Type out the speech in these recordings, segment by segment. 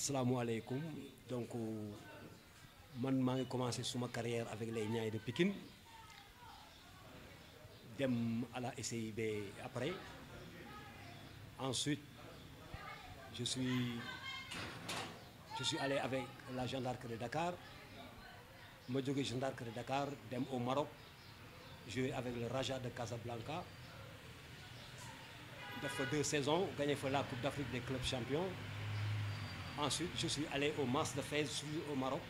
Assalamu alaikum. donc euh, man maa commencer commencé ma carrière avec les Niayes de Pikine dem à la SIB après ensuite je suis je suis allé avec la gendarme de Dakar ma suis gendarme de Dakar dem au Maroc joué avec le Raja de Casablanca J'ai deux saisons J'ai gagné la Coupe d'Afrique des clubs champions. Ensuite, je suis allé au Mas de Fès, au Maroc.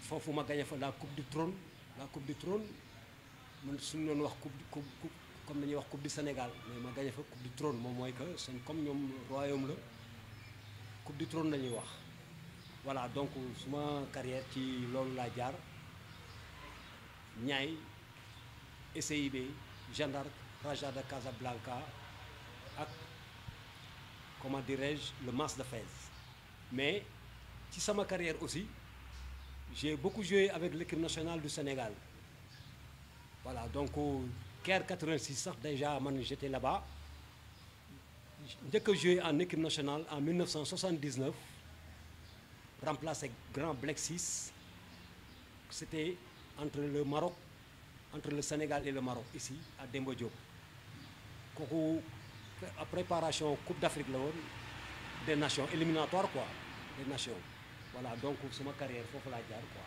Fofu ma gagné la coupe du trône la coupe du trône coupe comme dañuy coupe du Sénégal mais ma gagné la coupe du trône mon que comme le royaume la coupe du trône la voilà donc ma carrière qui est la jaar Niayes SAIB Jeanne d'Arc Raja de Casablanca dirige je le masque de Fès. Mais, si ça ma carrière aussi, j'ai beaucoup joué avec l'équipe nationale du Sénégal. Voilà, donc au Caire 86, déjà, j'étais là-bas. Dès que j'ai joué en équipe nationale en 1979, remplacé Grand Black 6, c'était entre le Maroc, entre le Sénégal et le Maroc, ici, à Dembo Diop. préparation Coupe d'Afrique la woon des nations éliminatoire quoi des nations voilà donc suma carrière foofu laa jaar quoi